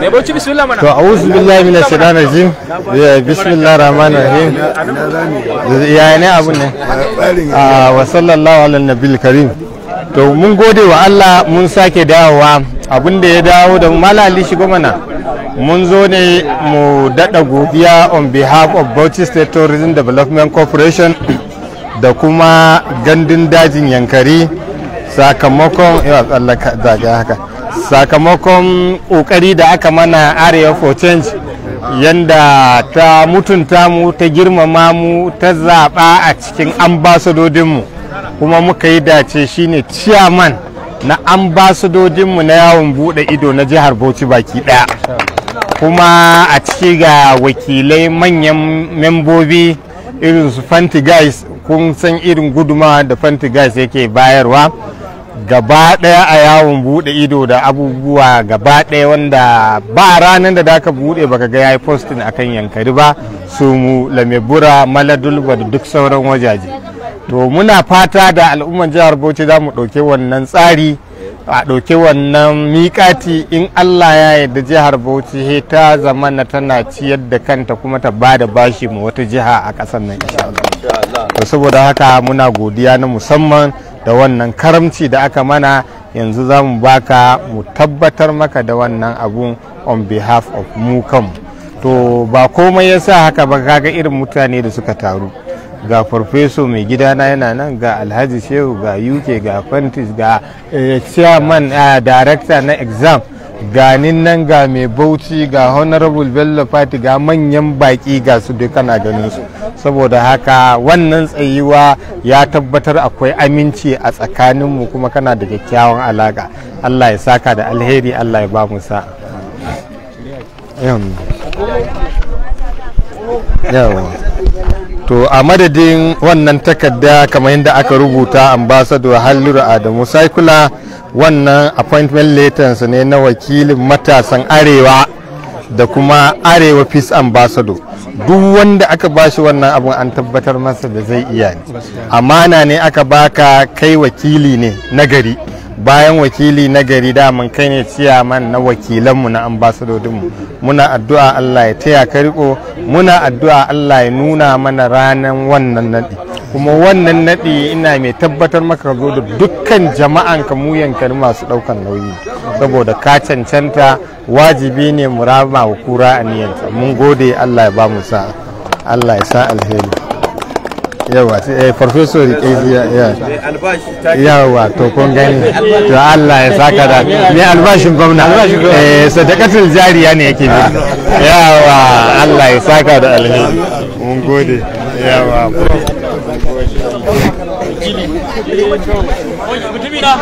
mai bauchi bismillah mana to a'udhu billahi minash shaitanir rajim bismillahir rahmanir rahim ya ne abun ah, ne a wa sallallahu ala nabiyil karim to mun gode wa Allah mun sake dawowa abun da ya dawo da malali shigo mana mun zo ne mu dada godiya on behalf of Bauchi State Tourism Development Corporation da kuma gandun dajin yankari sakamakon yawa tsallaka haka sakamakon kokari da aka mana area for change yanda ta mutunta mu ta girmama mu ta zaɓa a cikin ambasadodinmu kuma muka yi dace shine ciyaman na ambasadodinmu na yawon buɗe ido na jihar bauchi baki ɗaya kuma a ciki ga wakilai manyan membobi irin su fanti guys kun san irin gudumawa da fanti guys yake bayarwa gaba daya a yawon bude ido da abubuwa gaba daya wanda ba ranar da daka bude baka ga yayi a akan yankari ba su mu lamebura maladulba da duk sauran wajaje to muna fata da al'ummar jihar bauchi za mu ɗauke wannan tsari a ɗauke wannan miƙati in allah ya yarda jihar bauchi he ta zama na tana ciyar da kanta kuma ta ba da bashi ma wata jiha a ƙasar nan saboda haka muna godiya na musamman da wannan karamci da aka mana yanzu za mu baka mu tabbatar maka da wannan abun on behalf of mu kanmu to ba komai ya sa haka ba kaga irin mutane da suka taru ga farfeso mai gidana yana nan ga alhaji shehu ga uk ga fantis ga eh, chairman eh, director na exam ganin nan ga mai bauchi ga honorable bello party ga manyan baki ga su dai kana ganin su saboda haka wannan tsayuwa ya tabbatar akwai aminci a tsakaninmu kuma kana da kyakkyawan alaka allah ya saka da alheri allah ya ba mu sa to a madadin wannan takarda kamar yadda aka rubuta ambassador halliru adamu saikula wannan appointment letter su ne na wakilin matasan arewa da kuma arewa peace ambassador duk wanda aka ba shi wannan abun an tabbatar masa da zai iya ne amana ne aka baka kai wakili ne nagari bayan wakili nagari gari kai ne ciyaman na wakilanmu na ambasadodinmu muna addu'a Allah ya taya ka riko muna addu'a Allah ya nuna mana ranan wannan nadi kuma wannan naɗi ina mai tabbatar maka zo da dukkan jama'an kamuyanka masu ɗaukan nauyi saboda ka cancanta wajibi ne mu rama wa kura aniyanta mun gode allah ya ba mu sa allah ya sa alheri yawa eh professor ya yawa to kun gani to Allah ya saka da ni albashin gwamna eh sadakatul jariya ne yake ne yawa Allah ya saka da alheri mun gode yawa mutumi na